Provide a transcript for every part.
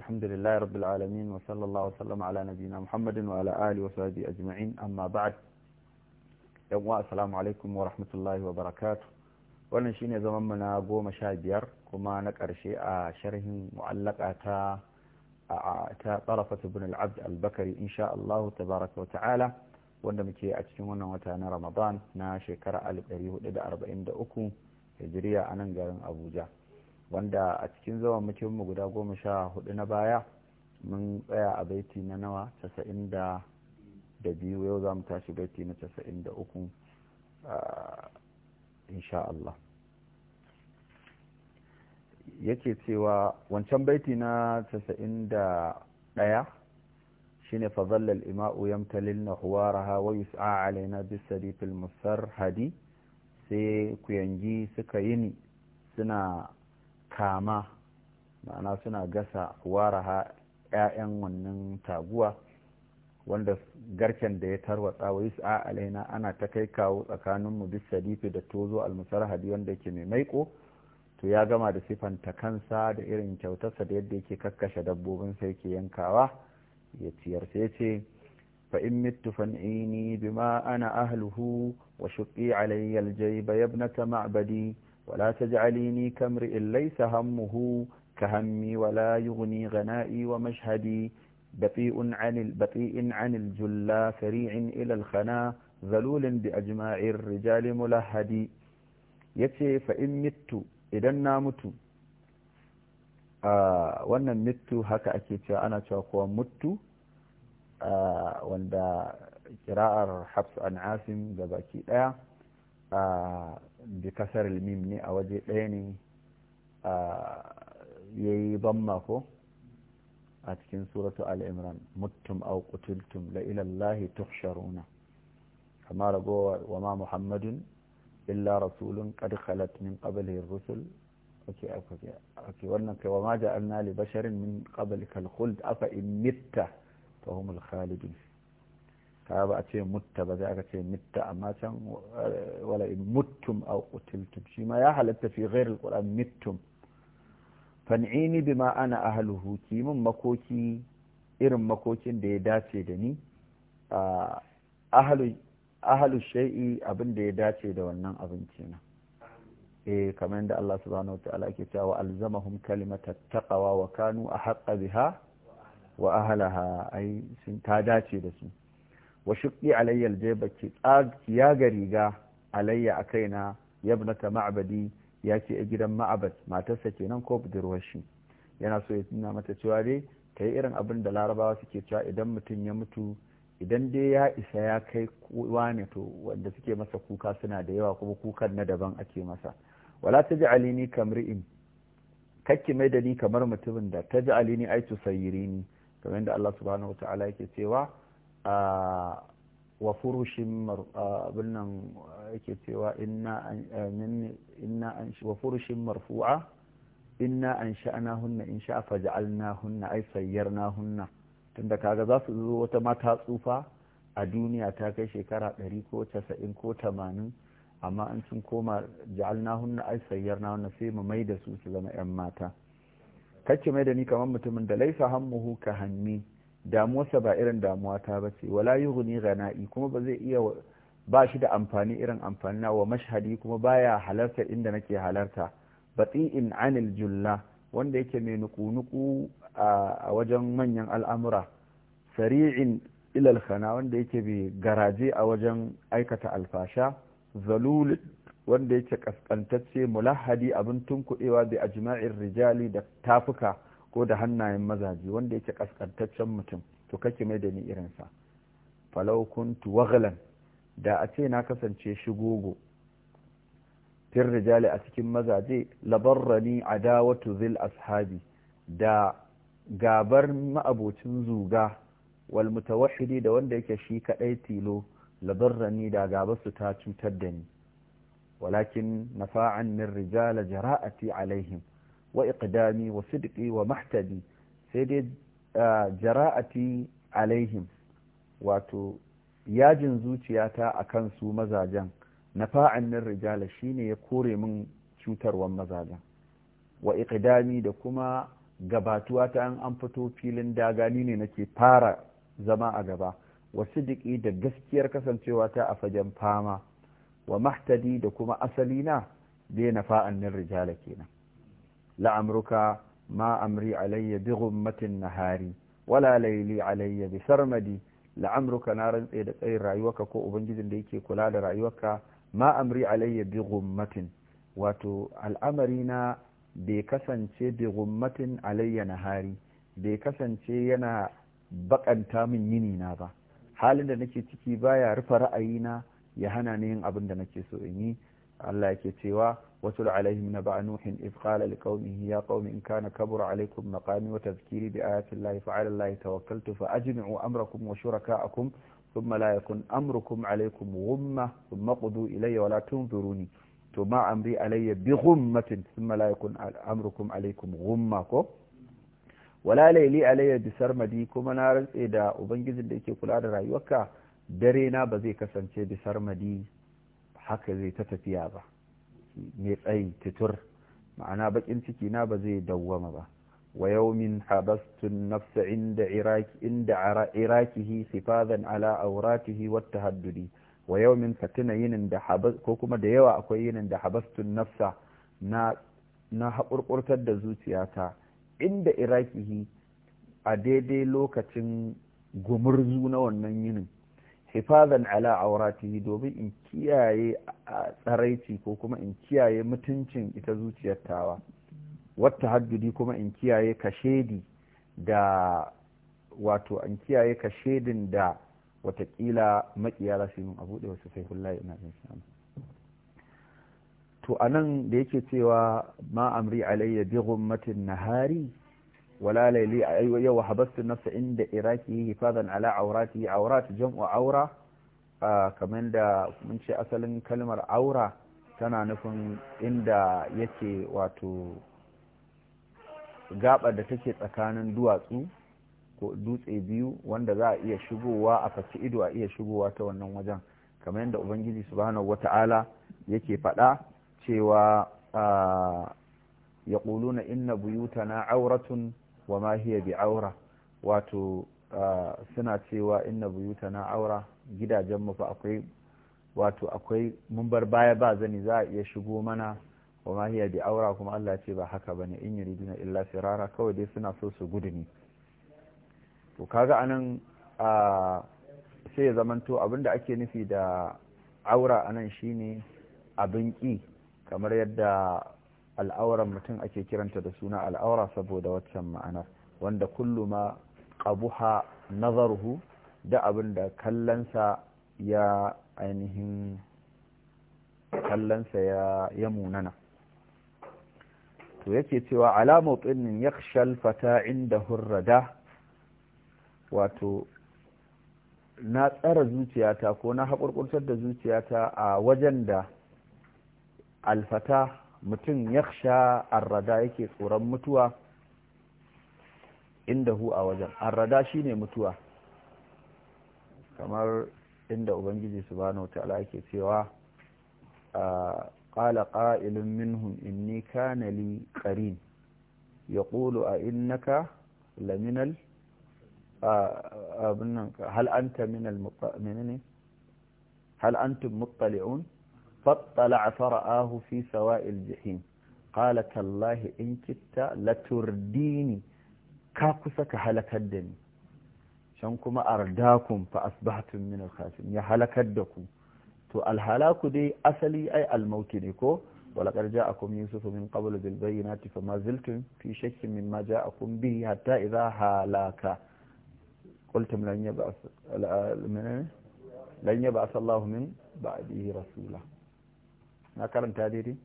الحمد لله رب العالمين وصلى الله وسلم على نبينا محمد وعلى آله وصحبه أجمعين أما بعد يوم السلام عليكم ورحمة الله وبركاته wannan shine zaman mu na goma sha biyar kuma na ƙarshe a sharhin mu'allaka ta ta tsarafa ibn al-abd al-bakari insha Allah tabaraka wa ta'ala wanda muke a cikin wannan wata na Ramadan na shekara 1443 hijiriya a nan garin Abuja wanda a cikin zaman mu guda goma sha hudu na baya mun tsaya a baiti na nawa casa'in da biyu yau za mu tashi baiti na casa'in da uku insha Allah yake cewa wancan baiti na casa'in da ɗaya shine fazallal ima'u yamtalil na raha wa yus'a alaina bisari filmusar hadi sai kuyangi suka yini suna kama ma'ana suna gasa waraha 'ya'yan wannan taguwa wanda garken da ya tarwatsa wa yus'a alaina ana ta kai kawo tsakanin mu bis sadifi da tozo almusarhadi wanda yake mai maiko to ya gama da sifanta kansa da irin kyautarsa da yadda yake kakkashe dabbobin sai yake yankawa ya ciyar sai ce fa in mittu fan'ini bima ana ahluhu wa shuqi alayya aljayba ibnata ma'badi ولا تجعليني كامرئ ليس همه كهمي ولا يغني غنائي ومشهدي بطيء عن البطيء عن الجلا سريع إلى الخنا ذلول بأجماع الرجال ملهدي يتي فإن مت إذا نامت آه وانا مت هكا اكيد انا cewa مت آه وندا قراءه حفص an asim ga bi kasar mim ne a waje ɗaya ne ya yi bamma ko a cikin suratu al'imran mutum au kutultum la ilallahi tuhsharuna kama ragowa wa ma muhammadun illa rasulun qad khalat min qablihi rusul ake ake wannan kai wa ma ja'alna li basharin min qablikal khuld afa in mitta fa humul khalidun ka ba a ce mutta ba za aka ce mitta amma can eh, wala in muttum aw qutiltum shi ma ya halatta fi ghairi alquran mittum fan'ini bima ana ahluhu ki makoki irin makokin da ya dace da ni ahlu ahlu shay'i abin da ya dace da wannan abinci na eh kamar yadda Allah subhanahu wataala yake cewa alzamahum kalimata taqwa wa kanu ahqqa biha wa ahlaha ai sun ta dace da su wa shuqqi alayya aljayba ya ga riga alayya a kaina yabnata ma'abadi ya ce gidan ma'abad matarsa kenan ko budurwashi yana so ya tuna mata cewa dai ta yi irin abin da larabawa suke cewa idan mutum ya mutu idan dai ya isa ya kai ne to wanda suke masa kuka suna da yawa kuma kukan na daban ake masa wala ta ji alini kamri'in kakki mai da ni kamar mutumin da ta ji alini ai tusayiri ni kamar yadda Allah subhanahu wa ta'ala yake cewa wa furushin nan yake cewa inna an wa furushin marfu'a inna an hunna in sha'a hunna, ai hunna. tunda kaga za su zo wata mata tsufa a duniya ta kai shekara 100 ko 90 ko 80 amma an sun koma hunna, ai hunna, sai mu mai da su su zama 'yan mata kacce mai da ni kamar mutumin da laisa hammuhu ka hanni damuwarsa ba irin damuwa ta ba ce wala yi yughni gana'i kuma ba zai iya ba shi da amfani irin amfani na wa mashahadi kuma baya halarta inda nake halarta in anil julla wanda yake mai nuku-nuku a wajen manyan al'amura sari'in ilal khana wanda yake bi garaje a wajen aikata alfasha zalul wanda yake kaskantacce mulahadi abin tunkuɗewa da ajma'in rijali da tafuka ko da hannayen mazaje wanda yake kaskantaccen mutum to kake mai da ni irinsa falau kuntu waghlan da a ce na kasance shi gogo fir rijali a cikin mazaje labarrani adawatu zil ashabi da gabar ma'abocin zuga wal mutawahhidi da wanda yake shi kadai tilo labarrani da gabar su ta cutar da ni walakin nafa'an min rijala jara'ati alaihim wa iqdami wa sidqi wa mahtadi sai dai jara'ati alaihim wato yajin zuciyata akan su mazajen na fa'annin rijala shine ya kore min cutarwan mazajan wa iqdami da kuma gabatuwa ta an fito filin dagani ne nake fara zama a gaba wa diƙi da gaskiyar kasancewa ta a fagen fama wa mahtadi da kuma asali na dai na rijala kenan La'amruka ma'amri Alayya bi ummatin Nihari wala laili Alayya be sarmadi La'amruka na rantse da tsayin rayuwarka ko ubangijin da yake kula da rayuwarka ma'amri Alayya bi ummatin Wato al'amari na bai kasance bi ummatin Alayya Nihari bai kasance yana bakanta min yini na ba halin da nake ciki baya rufe ra'ayina ya hana ni yin abin da nake so in yi. Allah yake cewa watul alaihim na ba'a nuhin iz qala liqaumihi ya qaumi in kana kabura alaikum maqami wa tadhkiri bi ayati llahi fa ala llahi tawakkaltu fa ajmi'u amrakum wa shuraka'akum thumma la yakun amrukum alaikum ghumma thumma qudu ilayya wa la tunzuruni to ma amri alayya bi ghummatin thumma la yakun amrukum alaykum ghumma ko wala laili alayya bi sarmadi kuma na rantse da ubangijin da yake kula da rayuwarka dare na ba zai kasance bi sarmadi haka zai ta tafiya ba mai tsayi titur ma'ana bakin ciki na ba zai dawwama ba wa yawmin habastun nafsa inda iraki inda irakihi sifadan ala auratihi wa tahaddudi wa yawmin fatina yinin da ko kuma da yawa akwai yinin da habastun nafsa na na haƙurƙurtar da zuciyata inda irakihi a daidai lokacin gumurzu na wannan yinin hifazan ala auratihi domin in kiyaye a tsaraici ko kuma in kiyaye mutuncin ita zuciyar tawa wata hajjudi kuma in kiyaye kashedi da wato an kiyaye kashedin da watakila makiya za su yi abu wasu sai ina zan samu to anan da yake cewa ma amri alayya bi ghummatin nahari ولا ليلي أيوة وحبست النفس عند إراكه حفاظا على عوراته عورات جمع عورة آه كمان دا من شيء أصلا كلمة عورة tana nufin inda yake wato gaba da take tsakanin duwatsu ko dutse biyu wanda za a iya shigowa a faci ido a iya shigowa ta wannan wajen kamar yadda ubangiji subhanahu wata'ala yake faɗa cewa ya na inna na auratun wa ma hiya bi aura wato suna cewa inna buyutana aura gidajen mu fa akwai wato akwai mun bar baya ba zani za a iya shigo mana wa ma hiya bi aura kuma Allah ce ba haka bane in yuriduna illa firara kawai dai suna so su gudu ne to kaga anan sai ya zamanto abinda ake nufi da aura anan shine abin ki kamar yadda al'auran mutum ake kiranta da suna al'aura saboda waccan ma'anar wanda kullu ma qabuha nazaruhu da abin da kallansa ya ainihin kallansa ya munana to yake cewa alamu tsinin ya shalfata inda hurrada wato na tsara zuciyata ko na haƙurƙurtar da zuciyata a wajen da alfata mutum ya sha arrada yake tsoron mutuwa inda hu a wajen arrada shi ne mutuwa kamar inda ubangiji su subhanahu ta'ala yake cewa ƙala ƙa’ilun minhum inni kana li ya ƙulu a innaka laminal abinnan minal mu'minin فاطلع فرآه في سواء الجحيم قال تالله إن كدت لترديني كاكسك هلك الدني شنكم أرداكم فأصبحتم من الخاسرين يا هلك الدكم تو الهلاك دي أسلي أي الموت نيكو ولقد جاءكم يوسف من قبل بالبينات فما زلتم في شك مما جاءكم به حتى إذا هلاك قلتم لن يبعث لن يبعث الله من بعده رسوله na karanta daidai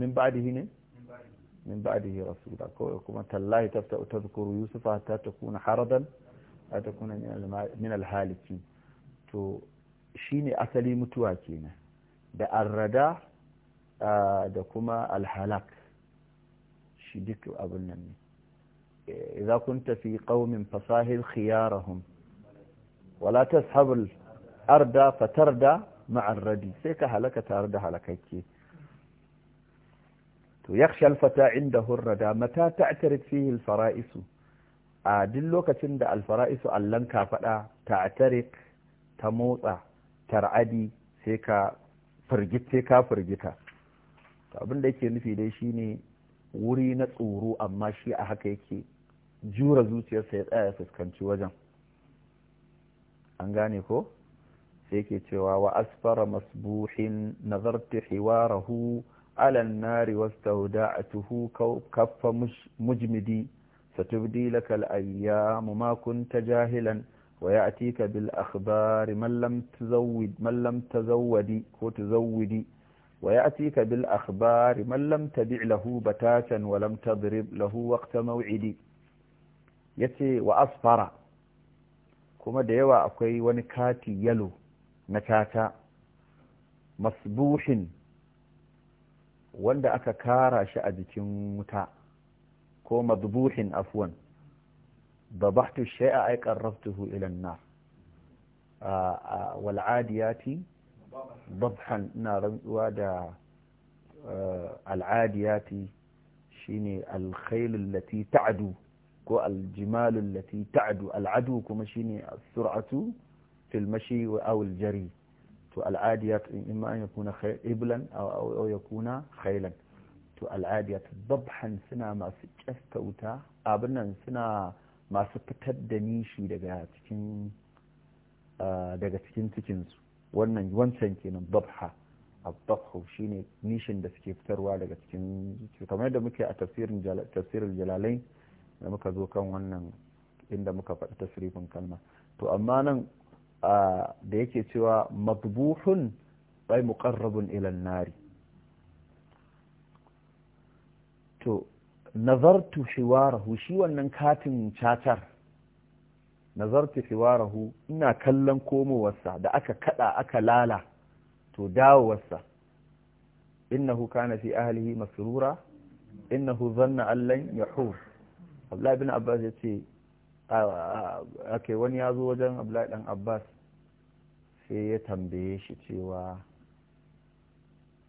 min ba'dihi ne min ba'dihi rasula ko kuma tallahi tafta tadhkuru yusufa hatta takuna haradan a kuna min alhaliki to shine asali mutuwa kenan da arrada da kuma alhalak shi duk abin nan ne إذا كنت في قوم فصاهل خيارهم ولا تسحب الأردى فتردى ma'arradi sai ka halaka tare da halakakke to yakhsha alfata inda hurrada mata ta'tarid fihi alfara'isu a duk lokacin da alfara'isu allan ka fada ta motsa tar'adi sai ka firgit ka firgita to abin da yake nufi dai shine wuri na tsoro amma shi a haka yake jura zuciyarsa ya tsaya fuskanci wajen an gane ko سيكتوا وأسفر مصبوح نظرت حواره على النار واستودعته كف مجمدي ستبدي لك الأيام ما كنت جاهلا ويأتيك بالأخبار من لم تزود من لم تزودي وتزودي ويأتيك بالأخبار من لم تبع له بتاتا ولم تضرب له وقت موعدي يتي وأصفر كما ديوا أكوي ونكاتي يلو na caca masbuhin wanda aka kara shi a jikin wuta ko madbuhin afwan dabahtu shai'a ay qarrabtuhu ila an-nar wal adiyati na rantsuwa da al'adiyati shine al lati allati ko aljimalun lati allati ta'du kuma shine suratu fil mashi awul jari to al'adiyat in imma an yakuna iblan aw yakuna khailan to al'adiyat dabhan suna masu kyasta wuta abin nan suna masu fitar da nishi daga cikin cikin cikinsu wannan wancan kenan dabha abdabhu shine nishin da suke fitarwa daga cikin kamar yadda muke a tafsirin jalalai da muka zo kan wannan inda muka faɗi tasrifin kalma to amma nan da yake cewa matbuhun bai muqarrabun ilan nari to nazartu shiwarahu shi wannan katin cacar nazartu shiwarahu ina kallon komowarsa da aka kada aka lala to dawowarsa innahu kana fi ahlihi masrura innahu zanna allan yahur Abdullahi bin Abbas yace ake wani ya zo wajen Abdullahi dan Abbas sai ya tambaye shi cewa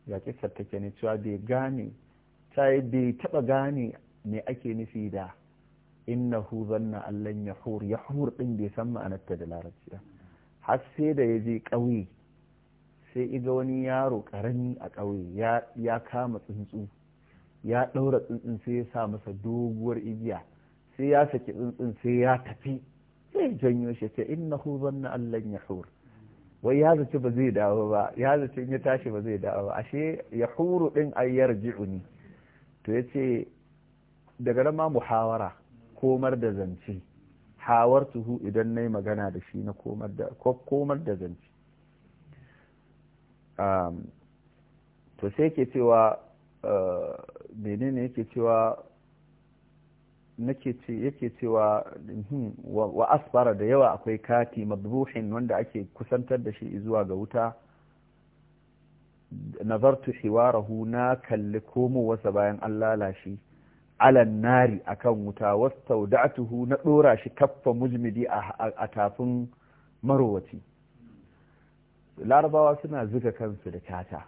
ya kisa take ne cewa bai gane ta yi bai taba gane me ake nufi da hu zanna allan ya hur din bai san ma'anarta da larabci ba har sai da ya je ƙauye sai iga wani yaro ƙarami a ƙauye ya kama tsuntsu ya ɗaura tsuntsun sai ya sa masa doguwar igiya sai ya saki tsuntsun sai ya tafi sai janyo shi ce hu zanna allan hur. wai ya zace ba zai dawo ba ya zace in ya tashi ba zai dawo ba ashe ya huru din ayyar ji'uni to ya ce daga nan ma muhawara komar da zance hawar tuhu idan na yi magana da shi na komar da zance to sai ke cewa eh, menene yake cewa nake ce yake cewa hmm, wa asfara da yawa akwai kati madbuhin wanda ake kusantar da shi zuwa ga wuta nazartu hiwarahu na kalli wasa bayan an lalashi alan nari akan wuta wastauda'tuhu na dora shi kaffa mujmidi a tafin marowaci larabawa suna zuga kansu da tata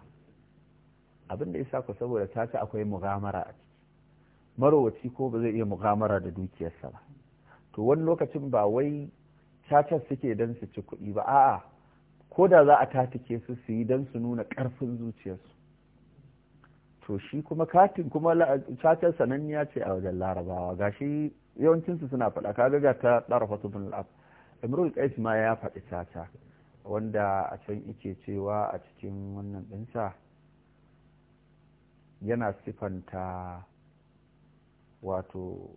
abinda da isa ku saboda tata akwai mugamara marowaci ko ba zai iya mugamara da dukiyarsa ba to wani lokacin ba wai cacar suke don su ci kuɗi ba a'a ko da za a tatike su su yi don su nuna ƙarfin zuciyarsu to shi kuma katin kuma cacar sananniya ce a wajen larabawa gashi yawancinsu suna faɗa kaga ga ta ɗarafatu bin al'af imrul qais ma ya faɗi caca wanda a can yake cewa a cikin wannan ɗinsa yana sifanta wato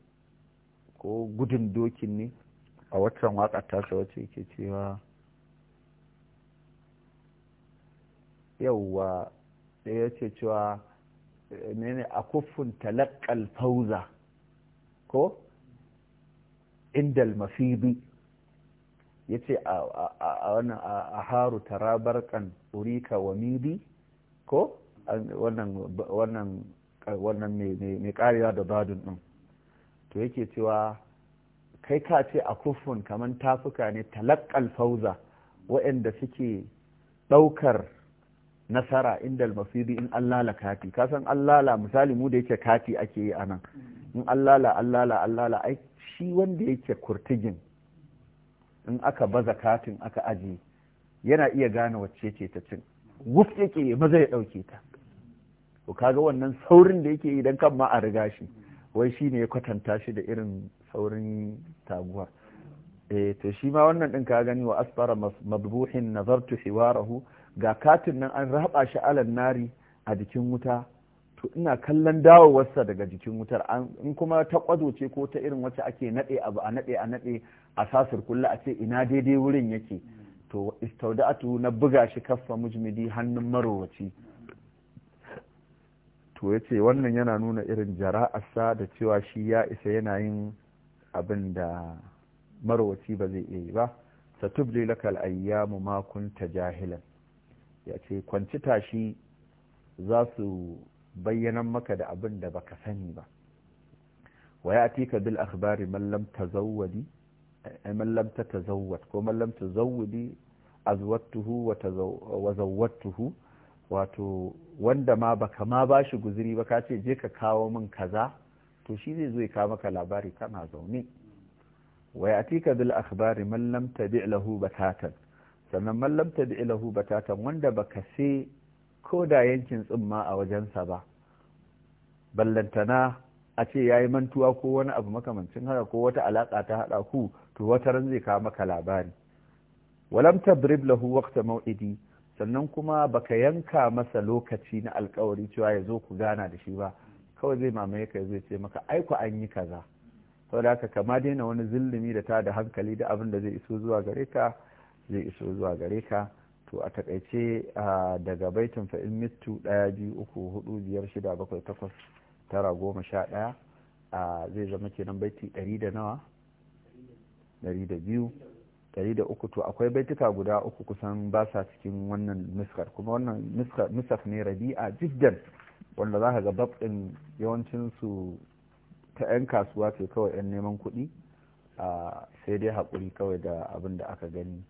ko gudun dokin ne a watan waƙa tasa wacce ke cewa yauwa da ya ce cewa ne a kuffin talakal fauza ko indal mafibi ya ce a haru tarabarkan urika wa mibi ko wannan wannan mai karewa da badun ɗin. to yake cewa kai ka ce a kufun kamar tafuka ne talakkal fauza waɗanda suke ɗaukar nasara inda almasiri in allala kati kasan allala misali mu da yake kati ake yi anan in allala allala allala ai shi wanda yake kurtigin in aka baza katin aka aji yana iya gane wacce ce ta cin wuf yake maza ya ɗauke ta to kaga wannan saurin da yake idan kan ma a riga shi wai shi ne ya kwatanta shi da irin saurin taguwa eh to shi ma wannan din ka gani wa asfara madbuhin nazartu hiwarahu ga katin nan an raba shi alan nari a jikin wuta to ina kallon dawowarsa daga jikin wutar in kuma ta kwazo ce ko ta irin wacce ake nade abu a nade a nade a sasir kullu a ce ina daidai wurin yake to istauda'atu na buga shi kaffa mujmidi hannun marowaci to ya ce wannan yana nuna irin jara'arsa da cewa shi ya isa yana yin abin da marwaci ba zai iya yi ba satubli lakal ayyamu ma kunta jahilan ya ce kwanci tashi za su bayyanan maka da abin da baka sani ba wa ya ka bil akhbari man lam tazawwadi eh, man lam tazawwad ko man lam tazawwadi azwattuhu wa wato wanda ma baka ma ba shi guziri ba ka ce je ka kawo min kaza to shi zai zo ya kawo maka labari kana zaune wai a tika bil akhbari man lam tabi' lahu batatan sannan man lam tabi' lahu batatan wanda baka sai ko da yankin tsimma a wajensa ba ballantana a ce yayi mantuwa ko wani abu makamancin haka ko wata alaka ta hada ku to wata ran zai kawo maka labari walam tabrib lahu waqta maw'idi sannan kuma baka yanka masa lokaci na alkawari cewa ya zo ku gana da shi ba kawai zai mamaye ka zai ce maka aiko an yi kaza saboda haka kama daina wani zillumi da ta da hankali da abin da zai iso zuwa gare ka zai iso zuwa gare ka to a takaice daga baitin fa'in mitu ɗaya biyu uku hudu biyar shida bakwai takwas tara goma sha ɗaya zai zama kenan baiti ɗari da nawa ɗari da biyu da uku to akwai baituka guda uku kusan ba sa cikin wannan nuskar kuma wannan nusaf ne rabi'a jiddan wanda za ka ga bab ɗin yawancinsu ta 'yan kasuwa ke kawai 'yan neman kuɗi sai dai haƙuri kawai da abin da aka gani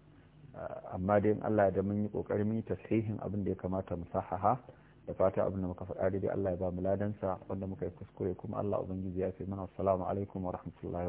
amma dai in Allah da mun yi ƙoƙari mun yi tasihin abin da ya kamata mu sahaha da fata abin da muka faɗa dai Allah ya ba mu ladansa wanda muka yi kuskure kuma Allah ubangiji ya ce mana assalamu alaikum wa rahmatullahi